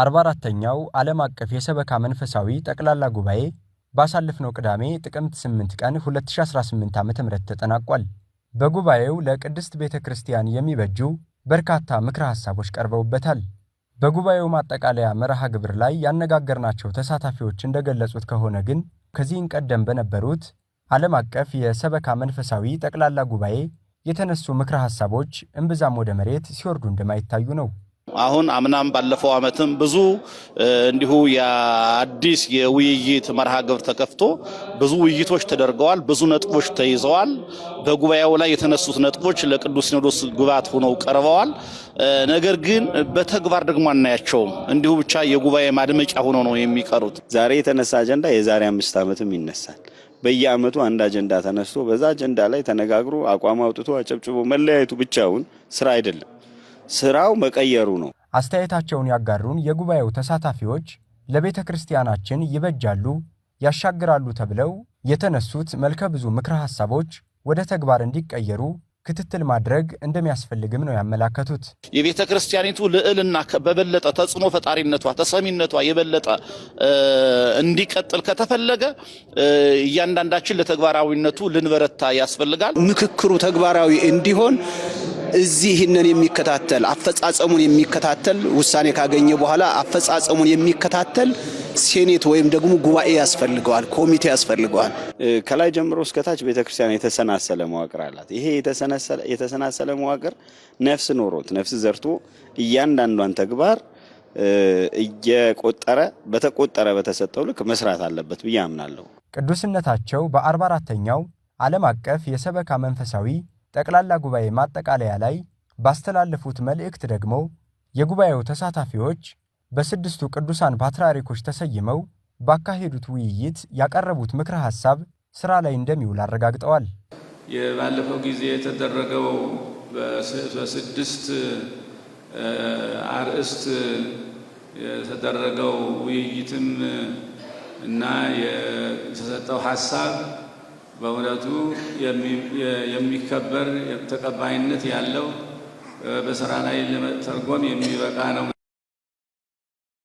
አርባ አራተኛው ዓለም አቀፍ የሰበካ መንፈሳዊ ጠቅላላ ጉባኤ ባሳለፍነው ቅዳሜ ጥቅምት 8 ቀን 2018 ዓ ም ተጠናቋል። በጉባኤው ለቅድስት ቤተ ክርስቲያን የሚበጁ በርካታ ምክረ ሐሳቦች ቀርበውበታል። በጉባኤው ማጠቃለያ መርሃ ግብር ላይ ያነጋገርናቸው ተሳታፊዎች እንደገለጹት ከሆነ ግን ከዚህን ቀደም በነበሩት ዓለም አቀፍ የሰበካ መንፈሳዊ ጠቅላላ ጉባኤ የተነሱ ምክረ ሐሳቦች እምብዛም ወደ መሬት ሲወርዱ እንደማይታዩ ነው። አሁን አምናም ባለፈው ዓመትም ብዙ እንዲሁ የአዲስ የውይይት መርሃ ግብር ተከፍቶ ብዙ ውይይቶች ተደርገዋል። ብዙ ነጥቦች ተይዘዋል። በጉባኤው ላይ የተነሱት ነጥቦች ለቅዱስ ሲኖዶስ ግብዓት ሆነው ቀርበዋል። ነገር ግን በተግባር ደግሞ አናያቸውም። እንዲሁ ብቻ የጉባኤ ማድመቂያ ሆነው ነው የሚቀሩት። ዛሬ የተነሳ አጀንዳ የዛሬ አምስት ዓመትም ይነሳል። በየአመቱ አንድ አጀንዳ ተነስቶ በዛ አጀንዳ ላይ ተነጋግሮ አቋም አውጥቶ አጨብጭቦ መለያየቱ ብቻውን ስራ አይደለም። ስራው መቀየሩ ነው። አስተያየታቸውን ያጋሩን የጉባኤው ተሳታፊዎች ለቤተ ክርስቲያናችን ይበጃሉ፣ ያሻግራሉ ተብለው የተነሱት መልከ ብዙ ምክረ ሐሳቦች ወደ ተግባር እንዲቀየሩ ክትትል ማድረግ እንደሚያስፈልግም ነው ያመላከቱት። የቤተ ክርስቲያኒቱ ልዕልና በበለጠ ተጽዕኖ ፈጣሪነቷ፣ ተሰሚነቷ የበለጠ እንዲቀጥል ከተፈለገ እያንዳንዳችን ለተግባራዊነቱ ልንበረታ ያስፈልጋል። ምክክሩ ተግባራዊ እንዲሆን እዚህ ይህንን የሚከታተል አፈጻጸሙን የሚከታተል ውሳኔ ካገኘ በኋላ አፈጻጸሙን የሚከታተል ሴኔት ወይም ደግሞ ጉባኤ ያስፈልገዋል፣ ኮሚቴ ያስፈልገዋል። ከላይ ጀምሮ እስከታች ቤተክርስቲያን የተሰናሰለ መዋቅር አላት። ይሄ የተሰናሰለ መዋቅር ነፍስ ኖሮት ነፍስ ዘርቶ እያንዳንዷን ተግባር እየቆጠረ በተቆጠረ በተሰጠው ልክ መስራት አለበት ብዬ አምናለሁ። ቅዱስነታቸው በአርባ አራተኛው ዓለም አቀፍ የሰበካ መንፈሳዊ ጠቅላላ ጉባኤ ማጠቃለያ ላይ ባስተላለፉት መልእክት ደግሞ የጉባኤው ተሳታፊዎች በስድስቱ ቅዱሳን ፓትርያርኮች ተሰይመው ባካሄዱት ውይይት ያቀረቡት ምክረ ሀሳብ ስራ ላይ እንደሚውል አረጋግጠዋል። የባለፈው ጊዜ የተደረገው በስድስት አርእስት የተደረገው ውይይትም እና የተሰጠው ሀሳብ በእውነቱ የሚከበር ተቀባይነት ያለው በስራ ላይ ለመተርጎም የሚበቃ ነው።